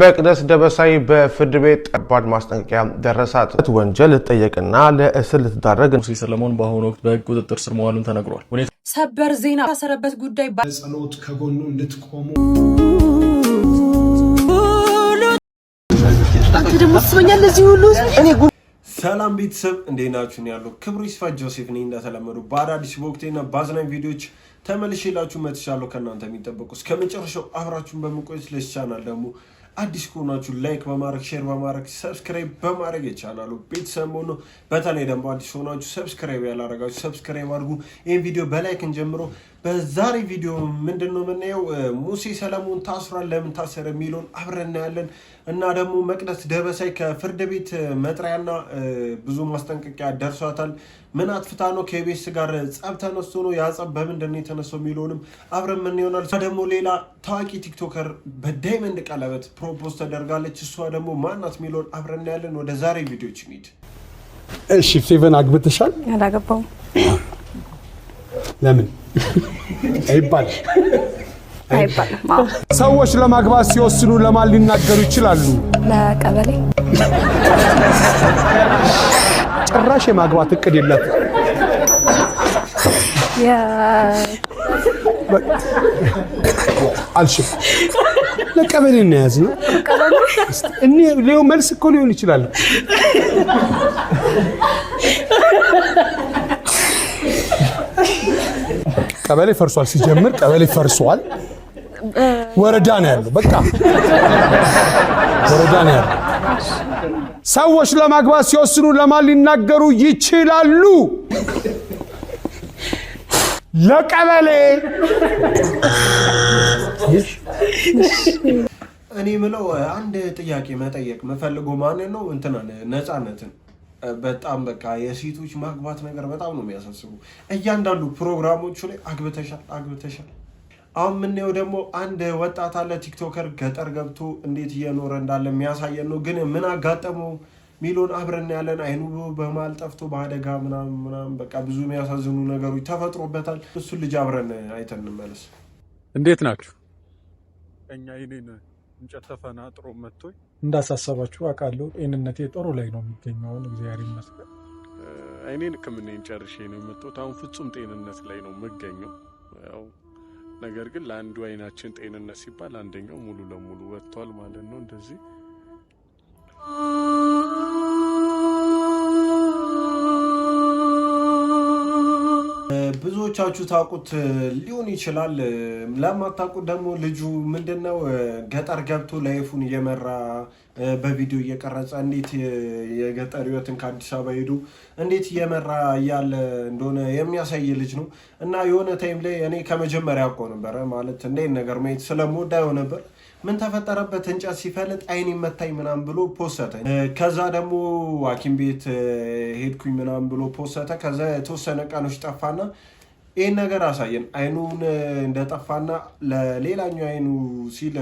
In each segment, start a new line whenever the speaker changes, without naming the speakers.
መቅደስ ደበሳይ በፍርድ ቤት ጠባድ ማስጠንቀቂያ ደረሳት። ወንጀል ልትጠየቅና ለእስር ልትዳረግ ሙሴ
ሰለሞን በአሁኑ ወቅት በህግ ቁጥጥር ስር መዋሉን ተነግሯል።
ሰበር ዜና ታሰረበት ጉዳይ
ጸሎት ከጎኑ እንድትቆሙ
ሰላም ቤተሰብ እንዴት ናችሁ? ያለው ክብሩ ይስፋ ጆሴፍ ነኝ። እንደተለመዱ በአዳዲስ በወቅቴና በአዝናኝ ቪዲዮዎች ተመልሼላችሁ መጥቻለሁ። ከእናንተ የሚጠበቁ እስከ መጨረሻው አብራችሁን በመቆየት ለስቻናል ደግሞ አዲስ ከሆናችሁ ላይክ በማድረግ ሼር በማድረግ ሰብስክራይብ በማድረግ የቻናሉ ቤተሰብ መሆኑ በተለይ ደግሞ አዲስ ከሆናችሁ ሰብስክራይብ ያላረጋችሁ ሰብስክራይብ አድርጉ። ይህን ቪዲዮ በላይክን ጀምሮ በዛሬ ቪዲዮ ምንድን ነው የምናየው? ሙሴ ሰለሞን ታስሯል፣ ለምን ታሰረ የሚለውን አብረን እናያለን እና ደግሞ መቅደስ ደበሳይ ከፍርድ ቤት መጥሪያና ብዙ ማስጠንቀቂያ ደርሷታል። ምን አጥፍታ ነው ከቤስ ጋር ጸብ ተነስቶ ነው? ያ ጸብ በምንድን ነው የተነሳው የሚለውንም አብረን ምን ይሆናል። ደግሞ ሌላ ታዋቂ ቲክቶከር በዳይመንድ ቀለበት ፕሮፖዝ ተደርጋለች። እሷ ደግሞ ማናት የሚለውን አብረን እናያለን። ወደ ዛሬ ቪዲዮች እንሂድ። እሺ ፌቨን አግብተሻል? ያላገባው ለምን አይባል ሰዎች ለማግባት ሲወስኑ ለማን ሊናገሩ ይችላሉ?
ለቀበሌ
ጭራሽ የማግባት እቅድ የላት። አልሽም ለቀበሌ እናያዝ ነው ሌው መልስ እኮ ሊሆን ይችላል። ቀበሌ ፈርሷል። ሲጀምር ቀበሌ ፈርሷል። ወረዳ ነው ያለው። በቃ ወረዳ ነው ያለው። ሰዎች ለማግባት ሲወስኑ ለማን ሊናገሩ ይችላሉ? ለቀበሌ። እኔ ምለው አንድ ጥያቄ መጠየቅ የምፈልገው ማን ነው? እንትና ነፃነትን በጣም በቃ የሴቶች ማግባት ነገር በጣም ነው የሚያሳስቡ። እያንዳንዱ ፕሮግራሞቹ ላይ አግብተሻል፣ አግብተሻል አሁን የምናየው ደግሞ አንድ ወጣት አለ ቲክቶከር ገጠር ገብቶ እንዴት እየኖረ እንዳለ የሚያሳየን ነው። ግን ምን አጋጠመው ሚሊዮን አብረን ያለን አይኑ በማል ጠፍቶ በአደጋ ምናምን ምናምን በቃ ብዙ የሚያሳዝኑ ነገሮች ተፈጥሮበታል። እሱን ልጅ አብረን አይተን እንመለስ። እንዴት ናችሁ?
እኛ ይኔን እንጨት ተፈና ጥሮ መጥቶ
እንዳሳሰባችሁ አውቃለሁ። ጤንነቴ ጥሩ ላይ ነው የሚገኘውን እግዚአብሔር ይመስገን።
አይኔን ሕክምናን ጨርሼ ነው የመጣሁት። አሁን ፍጹም ጤንነት ላይ ነው የምገኘው። ነገር ግን ለአንዱ አይናችን ጤንነት ሲባል አንደኛው ሙሉ ለሙሉ ወጥቷል ማለት ነው እንደዚህ
ብዙዎቻችሁ ታውቁት ሊሆን ይችላል። ለማታውቁት ደግሞ ልጁ ምንድን ነው ገጠር ገብቶ ላይፉን እየመራ በቪዲዮ እየቀረጸ እንዴት የገጠር ሕይወትን ከአዲስ አበባ ሄዱ እንዴት እየመራ እያለ እንደሆነ የሚያሳይ ልጅ ነው እና የሆነ ታይም ላይ እኔ ከመጀመሪያ አውቆ ነበረ ማለት እንዴ ነገር ማየት ስለምወዳ ነበር ምን ተፈጠረበት እንጨት ሲፈልጥ አይን መታኝ ምናም ብሎ ፖሰተ። ከዛ ደግሞ ሐኪም ቤት ሄድኩኝ ምናም ብሎ ፖሰተ። ከዛ የተወሰነ ቀኖች ጠፋና ይህን ነገር አሳየን። አይኑን እንደጠፋና ለሌላኛው አይኑ ሲል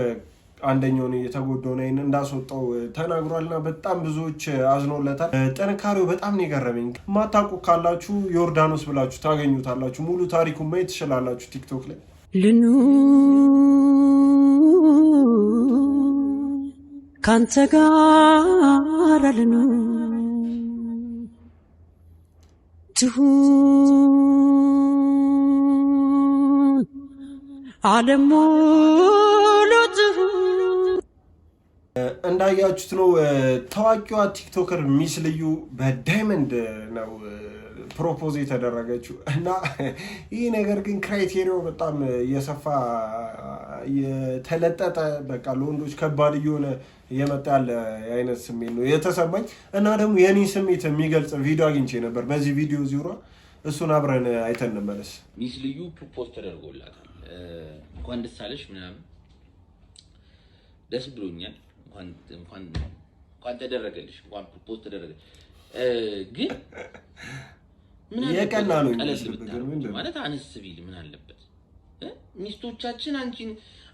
አንደኛውን የተጎዳውን አይን እንዳስወጣው ተናግሯልና በጣም ብዙዎች አዝኖለታል። ጥንካሬው በጣም ነው የገረመኝ። ማታውቁ ካላችሁ ዮርዳኖስ ብላችሁ ታገኙታላችሁ። ሙሉ ታሪኩን ማየት ትችላላችሁ ቲክቶክ ላይ
ልኑ ካንተ ጋር ልኑ ትሁን ዓለም ሙሉ
እንዳያችሁት ነው። ታዋቂዋ ቲክቶከር ሚስ ልዩ በዳይመንድ ነው ፕሮፖዝ የተደረገችው እና ይህ ነገር ግን ክራይቴሪያው በጣም የሰፋ የተለጠጠ በቃ ለወንዶች ከባድ እየሆነ እየመጣ ያለ አይነት ስሜት ነው የተሰማኝ እና ደግሞ የኔ ስሜት የሚገልጽ ቪዲዮ አግኝቼ ነበር። በዚህ ቪዲዮ ዙሪያ እሱን አብረን አይተን እንመለስ።
ሚስ ልዩ ፕሮፖዝ ተደርጎላታል። እንኳን ደስ አለሽ ምናምን ደስ ብሎኛል። እንኳን ተደረገልሽ እንኳን ፕሮፖዝ ተደረገ። ግን ምን የቀላሉ ማለት አነስ ቢል ምን አለበት? ሚስቶቻችን አንቺን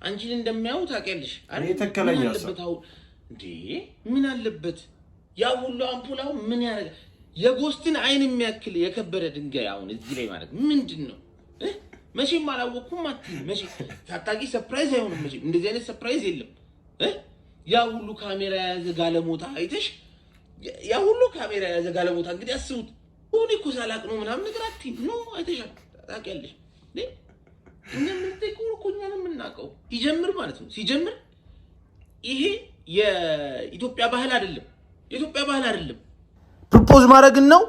አንቺን እንደሚያዩ ታውቂያለሽ።
ምን አለበት? አሁን
እንዴ ምን አለበት? ያ ሁሉ አምፖል አሁን ምን ያደርጋል? የጎስትን አይን የሚያክል የከበረ ድንጋይ አሁን እዚህ ላይ ማለት ምንድን ነው? መቼም አላወቅኩም አትይም። መቼ ታጣቂ ሰፕራይዝ አይሆንም። መቼም እንደዚህ አይነት ሰርፕራይዝ የለም። ያ ሁሉ ካሜራ የያዘ ጋለሞታ አይተሽ፣ ያ ሁሉ ካሜራ የያዘ ጋለሞታ እንግዲህ አስቡት። ሆኔ እኮ ሳላቅ ነው ምናምን ነገር አትይም። ኖ አይተሻል፣ ታውቂያለሽ። እንደምንጠይቀው እኮ እኛን የምናውቀው ሲጀምር ማለት ነው። ሲጀምር ይሄ የኢትዮጵያ ባህል አይደለም። የኢትዮጵያ ባህል አይደለም።
ፕሮፖዝ ማድረግን ነው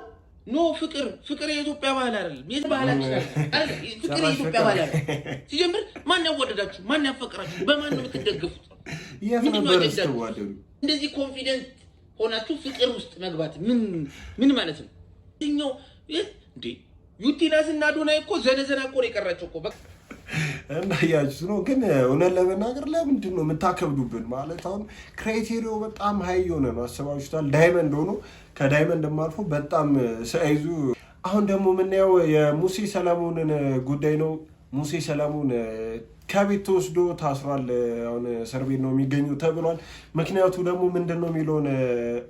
ኖ ፍቅር ፍቅር የኢትዮጵያ ባህል አይደለም። ይህ ባህላችን ፍቅር የኢትዮጵያ ባህል አይደለም። ሲጀምር ማን ያወደዳችሁ? ማን ያፈቅራችሁ? በማን ነው የምትደገፉት? እንደዚህ ኮንፊደንት ሆናችሁ ፍቅር ውስጥ መግባት ምን ምን ማለት ነው? ኛው እንዴ ዩቲናስ እና ዶናይ እኮ ዘነዘና እኮ ነው የቀራቸው እኮ
እንዳያችሁት ነው። ግን እውነት ለመናገር ለምንድን ነው የምታከብዱብን? ማለት አሁን ክራይቴሪያው በጣም ሀይ የሆነ ነው። አስባችሁታል? ዳይመንድ ሆኖ ከዳይመንድ ማልፎ በጣም ሳይዙ። አሁን ደግሞ የምናየው የሙሴ ሰለሞንን ጉዳይ ነው። ሙሴ ሰለሞን ከቤት ተወስዶ ታስሯል። አሁን እስር ቤት ነው የሚገኙ ተብሏል። ምክንያቱ ደግሞ ምንድን ነው የሚለውን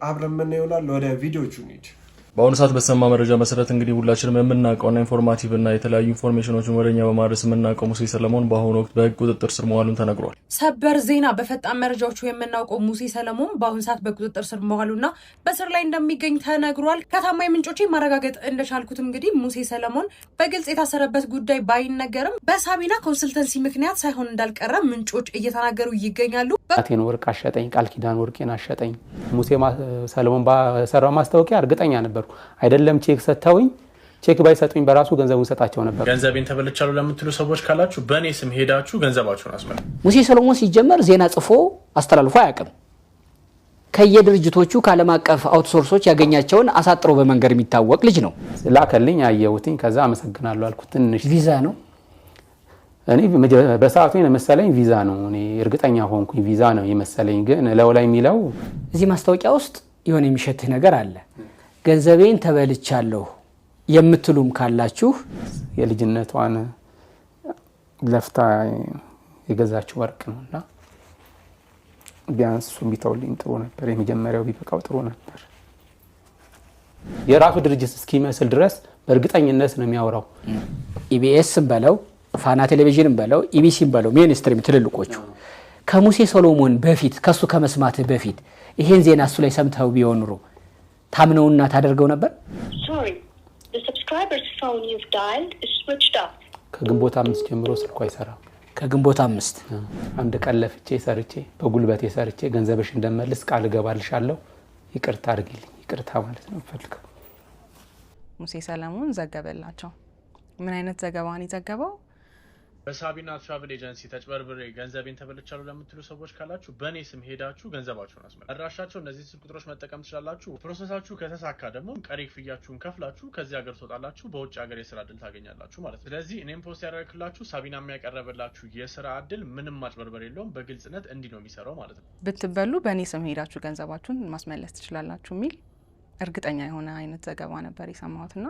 አብረን የምናየው ይሆናል። ወደ ቪዲዮቹ እንሂድ። በአሁኑ ሰዓት በሰማ መረጃ መሰረት እንግዲህ ሁላችንም የምናውቀውና ኢንፎርማቲቭ እና የተለያዩ ኢንፎርሜሽኖችን ወደኛ በማድረስ የምናውቀው ሙሴ ሰለሞን በአሁኑ ወቅት በህግ ቁጥጥር ስር መዋሉን ተነግሯል።
ሰበር ዜና። በፈጣን መረጃዎቹ የምናውቀው ሙሴ ሰለሞን በአሁኑ ሰዓት በቁጥጥር ስር መዋሉና በስር ላይ እንደሚገኝ ተነግሯል። ከታማኝ ምንጮቼ ማረጋገጥ እንደቻልኩት እንግዲህ ሙሴ ሰለሞን በግልጽ የታሰረበት ጉዳይ ባይነገርም በሳቢና ኮንስልተንሲ ምክንያት ሳይሆን እንዳልቀረ ምንጮች እየተናገሩ ይገኛሉ።
ቴን ወርቅ አሸጠኝ፣ ቃል ኪዳን ወርቄን አሸጠኝ። ሙሴ ሰለሞን ሰራ ማስታወቂያ እርግጠኛ ነበር ነበርኩ። አይደለም ቼክ ሰጥተውኝ ቼክ ባይሰጡኝ በራሱ ገንዘቡን ሰጣቸው ነበር።
ገንዘቤን ተበልቻሉ ለምትሉ ሰዎች ካላችሁ በእኔ ስም ሄዳችሁ ገንዘባችሁን አስመለ
ሙሴ ሰሎሞን ሲጀመር ዜና ጽፎ አስተላልፎ አያውቅም። ከየድርጅቶቹ ከዓለም አቀፍ አውትሶርሶች ያገኛቸውን አሳጥሮ በመንገድ የሚታወቅ ልጅ ነው።
ላከልኝ፣ አየሁትኝ፣ ከዛ አመሰግናለሁ አልኩት። ትንሽ ቪዛ ነው እኔ በሰዓቱ የመሰለኝ ቪዛ ነው። እኔ እርግጠኛ ሆንኩኝ ቪዛ ነው የመሰለኝ፣ ግን ለው ላይ የሚለው
እዚህ ማስታወቂያ ውስጥ የሆነ የሚሸትህ ነገር አለ ገንዘቤን ተበልቻለሁ የምትሉም ካላችሁ
የልጅነቷን ለፍታ የገዛችው ወርቅ ነው እና ቢያንስ እሱ ቢተውልኝ ጥሩ ነበር። የመጀመሪያው ቢበቃው ጥሩ ነበር።
የራሱ ድርጅት እስኪመስል ድረስ በእርግጠኝነት ነው የሚያወራው። ኢቢኤስም በለው ፋና ቴሌቪዥንም በለው ኢቢሲም በለው ሚኒስትሪም ትልልቆቹ ከሙሴ ሰሎሞን በፊት ከሱ ከመስማትህ በፊት ይሄን ዜና እሱ ላይ ሰምተው ቢሆን ኑሮ ታምነውና ታደርገው ነበር።
ከግንቦት አምስት ጀምሮ ስልኩ አይሰራም።
ከግንቦት አምስት
አንድ ቀን ለፍቼ ሰርቼ በጉልበት ሰርቼ ገንዘብሽ እንደመልስ ቃል እገባልሻለሁ። ይቅርታ አድርጊልኝ። ይቅርታ ማለት ነው ፈልገው
ሙሴ ሰለሞን ዘገበላቸው። ምን አይነት ዘገባን ይዘገበው
በሳቢና ትራቨል ኤጀንሲ ተጭበርብሬ ገንዘቤን ተበልቻለሁ ለምትሉ ሰዎች ካላችሁ በእኔ ስም ሄዳችሁ ገንዘባችሁን አስመ አድራሻቸው እነዚህ ስልክ ቁጥሮች መጠቀም ትችላላችሁ። ፕሮሰሳችሁ ከተሳካ ደግሞ ቀሪ ክፍያችሁን ከፍላችሁ ከዚህ ሀገር ትወጣላችሁ፣ በውጭ ሀገር የስራ እድል ታገኛላችሁ ማለት ነው። ስለዚህ እኔም ፖስት ያደረግላችሁ ሳቢና የሚያቀረበላችሁ የስራ እድል ምንም ማጭበርበር የለውም፣ በግልጽነት እንዲህ ነው የሚሰራው ማለት ነው።
ብትበሉ በእኔ ስም ሄዳችሁ ገንዘባችሁን ማስመለስ ትችላላችሁ የሚል እርግጠኛ የሆነ አይነት ዘገባ ነበር የሰማሁትና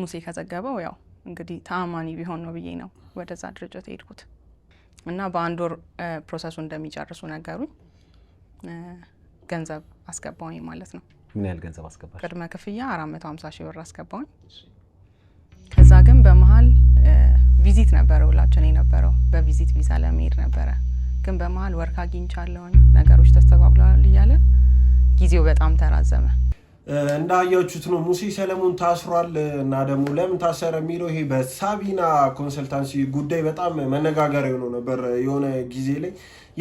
ሙሴ ከዘገበው ያው እንግዲህ ተአማኒ ቢሆን ነው ብዬ ነው ወደዛ ድርጅት ሄድኩት እና በአንድ ወር ፕሮሰሱ እንደሚጨርሱ ነገሩኝ። ገንዘብ አስገባውኝ ማለት ነው።
ምን ያህል ገንዘብ አስገባሽ?
ቅድመ ክፍያ አራት መቶ ሀምሳ ሺህ ብር አስገባውኝ። ከዛ ግን በመሀል ቪዚት ነበረ ሁላችን የነበረው በቪዚት ቪዛ ለመሄድ ነበረ። ግን በመሀል ወርክ አግኝቻለሁኝ ነገሮች ተስተጓጉለዋል እያለ ጊዜው በጣም ተራዘመ።
እንዳያችሁት ነው ሙሴ ሰለሞን ታስሯል። እና ደግሞ ለምን ታሰረ የሚለው ይሄ በሳቢና ኮንሰልታንሲ ጉዳይ በጣም መነጋገር ሆኖ ነበር የሆነ ጊዜ ላይ።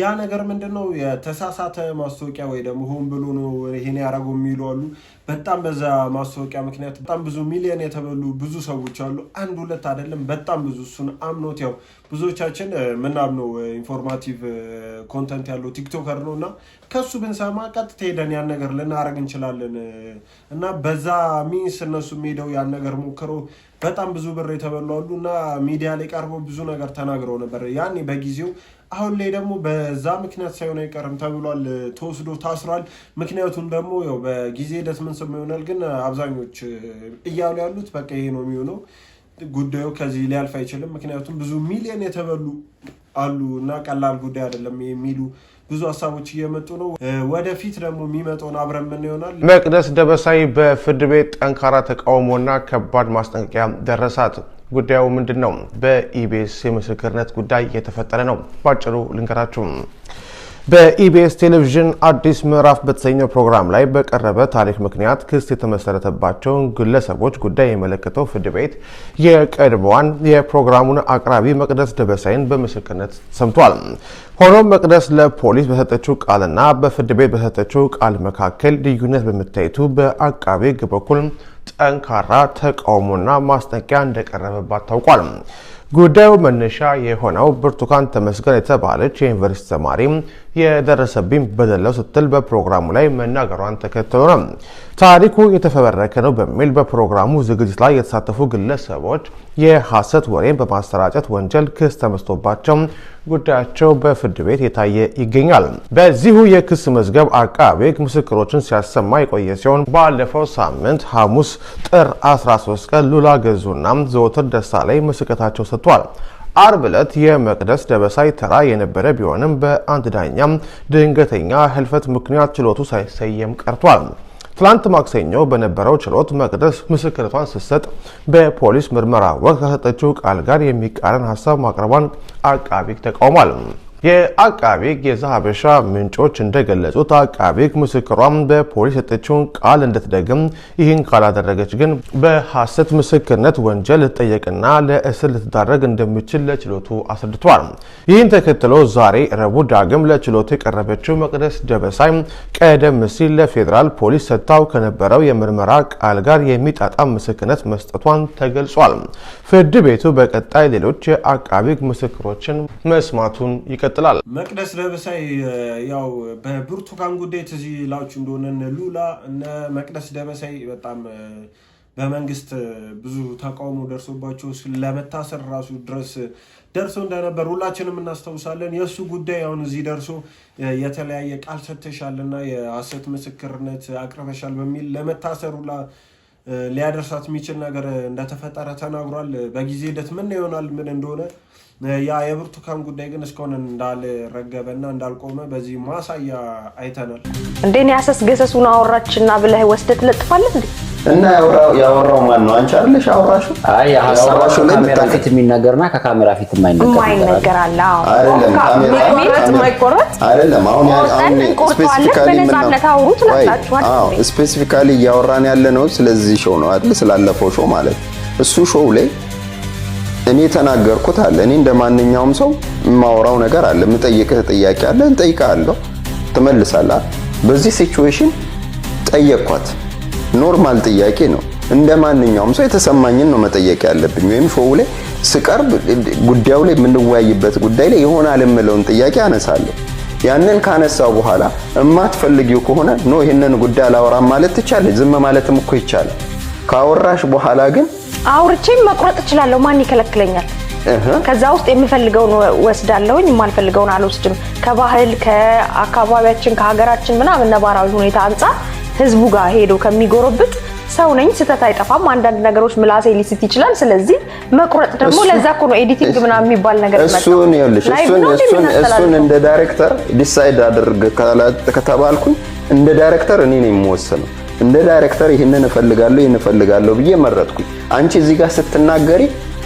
ያ ነገር ምንድን ነው የተሳሳተ ማስታወቂያ ወይ ደግሞ ሆን ብሎ ነው ይሄን ያደረገው የሚሉ አሉ። በጣም በዛ ማስታወቂያ ምክንያት በጣም ብዙ ሚሊዮን የተበሉ ብዙ ሰዎች አሉ። አንድ ሁለት አይደለም፣ በጣም ብዙ። እሱን አምኖት ያው ብዙዎቻችን ምናምነው ኢንፎርማቲቭ ኮንተንት ያለው ቲክቶከር ነው እና ከሱ ብንሰማ ቀጥታ ሄደን ያን ነገር ልናደርግ እንችላለን እና በዛ ሚንስ እነሱ ሄደው ያን ነገር ሞክረው በጣም ብዙ ብር የተበሉ አሉ እና ሚዲያ ላይ ቀርቦ ብዙ ነገር ተናግረው ነበር ያኔ በጊዜው። አሁን ላይ ደግሞ በዛ ምክንያት ሳይሆን አይቀርም ተብሏል፣ ተወስዶ ታስሯል። ምክንያቱም ደግሞ ያው በጊዜ ሂደት ምን ስም ይሆናል፣ ግን አብዛኞች እያሉ ያሉት በቃ ይሄ ነው የሚሆነው ጉዳዩ ከዚህ ሊያልፍ አይችልም። ምክንያቱም ብዙ ሚሊዮን የተበሉ አሉ እና ቀላል ጉዳይ አይደለም የሚሉ ብዙ ሀሳቦች እየመጡ ነው። ወደፊት ደግሞ የሚመጣውን አብረን ምን ይሆናል። መቅደስ ደበሳይ በፍርድ ቤት ጠንካራ ተቃውሞና ከባድ ማስጠንቀቂያ ደረሳት። ጉዳዩ ምንድን ነው? በኢቢኤስ የምስክርነት ጉዳይ እየተፈጠረ ነው። ባጭሩ ልንገራችሁ። በኢቢኤስ ቴሌቪዥን አዲስ ምዕራፍ በተሰኘው ፕሮግራም ላይ በቀረበ ታሪክ ምክንያት ክስ የተመሰረተባቸውን ግለሰቦች ጉዳይ የመለከተው ፍርድ ቤት የቀድሞዋን የፕሮግራሙን አቅራቢ መቅደስ ደበሳይን በምስክርነት ሰምቷል። ሆኖም መቅደስ ለፖሊስ በሰጠችው ቃልና በፍርድ ቤት በሰጠችው ቃል መካከል ልዩነት በመታየቱ በአቃቢ ሕግ በኩል ጠንካራ ተቃውሞና ማስጠንቀቂያ እንደቀረበባት ታውቋል። ጉዳዩ መነሻ የሆነው ብርቱካን ተመስገን የተባለች የዩኒቨርሲቲ ተማሪ የደረሰብኝ በደለው ስትል በፕሮግራሙ ላይ መናገሯን ተከትሎ ነው። ታሪኩ የተፈበረከ ነው በሚል በፕሮግራሙ ዝግጅት ላይ የተሳተፉ ግለሰቦች የሐሰት ወሬን በማሰራጨት ወንጀል ክስ ተመስቶባቸው ጉዳያቸው በፍርድ ቤት የታየ ይገኛል። በዚሁ የክስ መዝገብ አቃቤ ሕግ ምስክሮችን ሲያሰማ የቆየ ሲሆን ባለፈው ሳምንት ሐሙስ ጥር 13 ቀን ሉላ ገዙና ዘወትር ደስታ ላይ ምስክርነታቸው ሰጥቷል። አርብ ዕለት የመቅደስ ደበሳይ ተራ የነበረ ቢሆንም በአንድ ዳኛም ድንገተኛ ህልፈት ምክንያት ችሎቱ ሳይሰየም ቀርቷል። ትላንት ማክሰኞ በነበረው ችሎት መቅደስ ምስክርቷን ስትሰጥ በፖሊስ ምርመራ ወቅት ከሰጠችው ቃል ጋር የሚቃረን ሀሳብ ማቅረቧን አቃቢ ተቃውሟል። የአቃቤ ሕግ የዛሀበሻ ምንጮች እንደገለጹት አቃቤ ሕግ ምስክሯም በፖሊስ የሰጠችውን ቃል እንድትደግም ይህን ካላደረገች ግን በሐሰት ምስክርነት ወንጀል ልትጠየቅና ለእስር ልትዳረግ እንደሚችል ለችሎቱ አስረድቷል። ይህን ተከትሎ ዛሬ ረቡዕ ዳግም ለችሎቱ የቀረበችው መቅደስ ደበሳይ ቀደም ሲል ለፌዴራል ፖሊስ ሰጥታው ከነበረው የምርመራ ቃል ጋር የሚጣጣም ምስክርነት መስጠቷን ተገልጿል። ፍርድ ቤቱ በቀጣይ ሌሎች የአቃቤ ምስክሮችን መስማቱን ይቀ ይቀጥላል። መቅደስ ደበሳይ ያው በብርቱካን ጉዳይ ትዝ ይላችሁ እንደሆነ እነ ሉላ እነ መቅደስ ደበሳይ በጣም በመንግስት ብዙ ተቃውሞ ደርሶባቸው ለመታሰር ራሱ ድረስ ደርሶ እንደነበር ሁላችንም እናስታውሳለን። የእሱ ጉዳይ አሁን እዚህ ደርሶ የተለያየ ቃል ሰጥተሻል እና የሐሰት ምስክርነት አቅርበሻል በሚል ለመታሰር ሁላ ሊያደርሳት የሚችል ነገር እንደተፈጠረ ተናግሯል። በጊዜ ሂደት ምን ይሆናል ምን እንደሆነ ያ የብርቱካን ጉዳይ ግን እስካሁን እንዳልረገበና እንዳልቆመ በዚህ ማሳያ አይተናል።
እንዴን ያሰስ ገሰሱን አወራችና ብለህ ወስደት ትለጥፋለህ እንዴ?
እና ያወራው ማን ነው? አንቺ አይደለሽ ያወራሽው?
አይ ሀሳባሽው ላይ ካሜራ ፊት የሚናገርና ከካሜራ ፊት የማይናገር
ስፔሲፊካሊ እያወራን ያለ ነው ስለዚህ ሾው ነው አይደል? ስላለፈው ሾው ማለት እሱ ሾው ላይ እኔ ተናገርኩት አለ። እኔ እንደ ማንኛውም ሰው የማወራው ነገር አለ፣ የምጠይቅህ ጥያቄ አለ፣ እንጠይቅሃለሁ፣ ትመልሳለህ። በዚህ ሲቹዌሽን ጠየቅኳት ኖርማል ጥያቄ ነው። እንደ ማንኛውም ሰው የተሰማኝን ነው መጠየቅ ያለብኝ። ወይም ሾው ላይ ስቀርብ ጉዳዩ ላይ የምንወያይበት ጉዳይ ላይ ይሆናል የምለውን ጥያቄ አነሳለሁ። ያንን ካነሳው በኋላ እማትፈልጊው ከሆነ ኖ ይህንን ጉዳይ አላወራም ማለት ትቻለች። ዝም ማለትም እኮ ይቻላል። ካወራሽ በኋላ ግን
አውርቼም መቁረጥ እችላለሁ። ማን ይከለክለኛል? ከዛ ውስጥ የምፈልገውን ወስዳለሁኝ፣ የማልፈልገውን አልወስድም። ከባህል ከአካባቢያችን ከሀገራችን ምናምን ነባራዊ ሁኔታ አንጻር ህዝቡ ጋር ሄዶ ከሚጎረብጥ ሰው ነኝ፣ ስህተት አይጠፋም። አንዳንድ ነገሮች ምላሴ ሊስት ይችላል። ስለዚህ መቁረጥ ደግሞ ለዛ እኮ ነው ኤዲቲንግ ምናምን የሚባል ነገር
እሱን ይኸውልሽ፣ እሱን እሱን እንደ ዳይሬክተር ዲሳይድ አድርግ ከተባልኩኝ እንደ ዳይሬክተር እኔ ነኝ የምወሰነው። እንደ ዳይሬክተር ይህንን እፈልጋለሁ ይህን እፈልጋለሁ ብዬ መረጥኩኝ። አንቺ እዚህ ጋር ስትናገሪ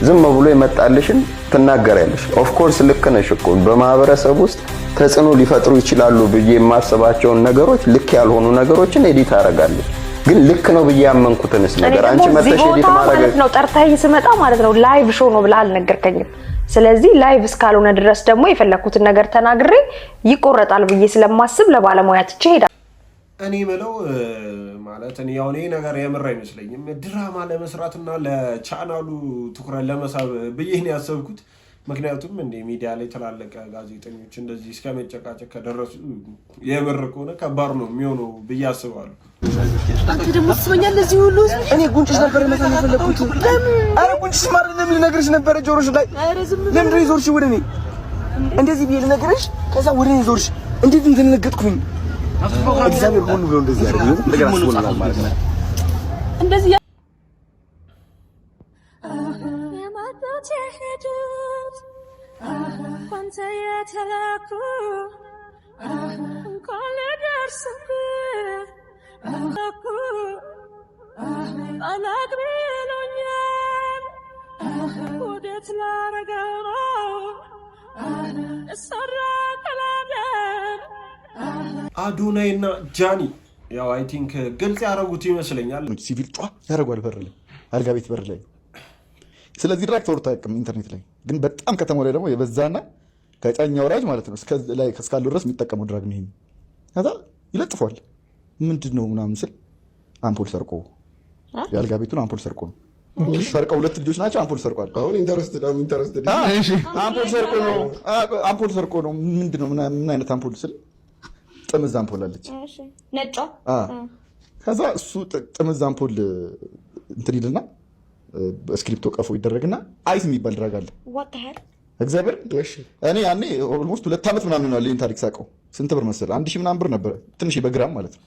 ዝም ብሎ የመጣልሽን ትናገሪያለሽ። ኦፍኮርስ ልክ ነሽ እኮ በማህበረሰብ ውስጥ ተጽዕኖ ሊፈጥሩ ይችላሉ ብዬ የማስባቸውን ነገሮች፣ ልክ ያልሆኑ ነገሮችን ኤዲት አደርጋለሁ። ግን ልክ ነው ብዬ ያመንኩትንስ ነገር አንቺ መተሽ ኤዲት ማድረግ
ነው። ጠርተኸኝ ስመጣ ማለት ነው ላይቭ ሾው ነው ብለህ አልነገርከኝም። ስለዚህ ላይቭ እስካልሆነ ድረስ ደግሞ የፈለኩትን ነገር ተናግሬ ይቆረጣል ብዬ ስለማስብ ለባለሙያ ትቼ ሄዳለሁ።
እኔ ምለው ማለት እኔ ያው ይህ ነገር የምር አይመስለኝም። ድራማ ለመስራትና ለቻናሉ ትኩረት ለመሳብ ብዬ ያሰብኩት። ምክንያቱም እንደ ሚዲያ ላይ ትላለቀ ጋዜጠኞች እንደዚህ እስከ መጨቃጨቅ ከደረሱ የምር ከሆነ ከባድ ነው የሚሆነው ብዬ አስባለሁ።
አንተ ደግሞ ትስበኛለህ ለዚህ ሁሉ
እኔ ጉንጭሽ ነበር መሳብ የፈለኩት። ኧረ ጉንጭሽ ማረ ለምን ልነግርሽ ነበረ ጆሮሽ ላይ ለምንድን ነው ወደ እኔ? እንደዚህ ብዬ ልነግርሽ፣ ከዛ ወደ እኔ ዞርሽ። እንዴት እንደነገጥኩኝ እግዚአብሔር ሆን ብሎ እንደዚህ ያደርገው እንደገና አስቦልናል ማለት ነው። እንደዚህ አዶናይ እና ጃኒ ያው አይ ቲንክ ግልጽ ያደረጉት ይመስለኛል። ሲቪል ጫ ያደረጓል በር ላይ አልጋ ቤት በር ላይ። ስለዚህ ድራክ ተወርቶ አያውቅም ኢንተርኔት ላይ ግን በጣም ከተማ ላይ ደግሞ የበዛና ከጫኛ ወራጅ ማለት ነው እስካሉ ድረስ የሚጠቀመው ድራግ ነው። ይሄ ይለጥፏል ምንድን ነው ምናምን ስል አምፖል ሰርቆ የአልጋ ቤቱን አምፖል ሰርቆ ነው ሰርቀው ሁለት ልጆች ናቸው። አምፖል ሰርቋል። አሁን ኢንተረስት ኢንተረስት አምፖል ሰርቆ ነው። አምፖል ሰርቆ ነው ምንድን ነው ምን አይነት አምፖል ስል ጥምዝ አምፖል አለች ነጯ። ከዛ እሱ ጥምዝ አምፖል እንትን ይልና ስክሪፕቶ ቀፎ ይደረግና አይስ የሚባል ድራግ አለ። እግዚአብሔር እኔ ያኔ ኦልሞስት ሁለት ዓመት ምናምን ነው ይህን ታሪክ ሳውቀው ስንት ብር መሰለህ? አንድ ሺህ ምናምን ብር ነበረ። ትንሽ በግራም ማለት ነው።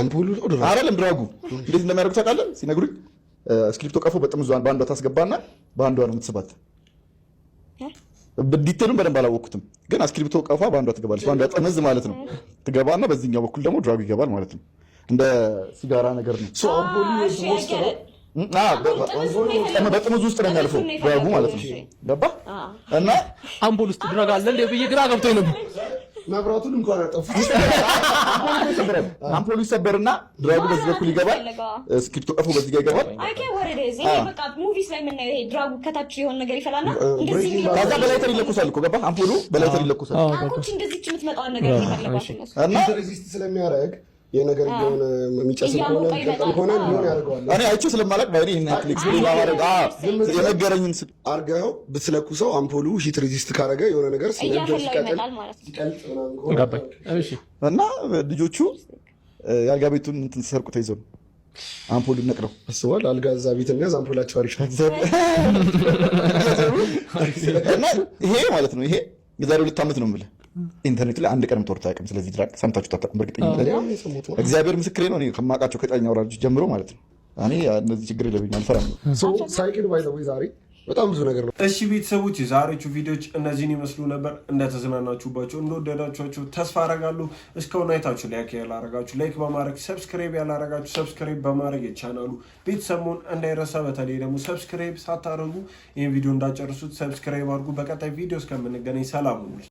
አምፖሉ አይደለም ድራጉ። እንዴት እንደሚያደርጉት ታውቃለህ? ሲነግሩኝ ስክሪፕቶ ቀፎ በጥምዟን በአንዷ ታስገባና በአንዷ ነው የምትስባት ዲቴሉን በደንብ አላወቅኩትም፣ ግን አስክሪፕቶ ቀፏ በአንዷ ትገባለች፣ በአንዷ ጠመዝ ማለት ነው ትገባና በዚህኛው በኩል ደግሞ ድራጉ ይገባል ማለት ነው። እንደ ሲጋራ ነገር ነው። በጥምዝ ውስጥ ነው የሚያልፈው ድራጉ ማለት ነው። ገባ እና አምቦል ውስጥ ድራግ አለ እንደ ብዬ ግራ ገብቶኝ ነበር። መብራቱን እንኳን አጠፉ። አምፖሉ ይሰበርና ድራጉ በዚህ በኩል ይገባል፣ ስክሪፕቱ ጠፉ በዚህ ጋር ይገባል።
ድራጉ ከታች የሆነ ነገር ይፈላና
ከዛ በላይተር ይለኩሳል እኮ ገባህ? አምፖሉ በላይተር ይለኩሳል እና የነገር ነገር እየሆነ የሚጨስ ሆነ ገጠም ሆነ ሊሆን ያደርገዋል። እኔ አይቼው ስለማላቅ ባይ የነገረኝን አርገው ብትለኩ ሰው አምፖሉ ሂት ሬዚስት ካረገ የሆነ ነገር ሲነገር ሲቀጥል እና ልጆቹ የአልጋ ቤቱን እንትን ሰርቁ ነው አምፖሉ ነቅለው አስበዋል። አልጋ እዛ ቤት እና አምፖላቸው አሪፍ እና ይሄ ማለት ነው ይሄ የዛሬ ሁለት ዓመት ነው የምልህ ኢንተርኔት ላይ አንድ ቀንም የምትወርድ አያውቅም። ስለዚህ ድራቅ ሰምታችሁ ታታቁም። በእርግጠኝነት እግዚአብሔር ምስክሬ ነው። ከማውቃቸው ከጫኛ ወራጆች ጀምሮ ማለት ነው። እኔ እነዚህ ችግር የለብኝ አልፈራም። ሳይክል ባይዘወይ ዛሬ በጣም ብዙ ነገር ነው። እሺ ቤተሰቦች፣ የዛሬዎቹ ቪዲዮዎች እነዚህን ይመስሉ ነበር። እንደተዝናናችሁባቸው እንደወደዳችኋቸው ተስፋ አረጋሉ። እስካሁን አይታችሁ ላይክ ያላረጋችሁ ላይክ በማድረግ ሰብስክራይብ ያላረጋችሁ ሰብስክራይብ በማድረግ የቻናሉ ቤተሰብ መሆን እንዳይረሳ። በተለይ ደግሞ ሰብስክራይብ ሳታደርጉ ይህን ቪዲዮ እንዳጨርሱት ሰብስክራይብ አድርጉ። በቀጣይ ቪዲዮ እስከምንገናኝ ሰላም ሁኑ።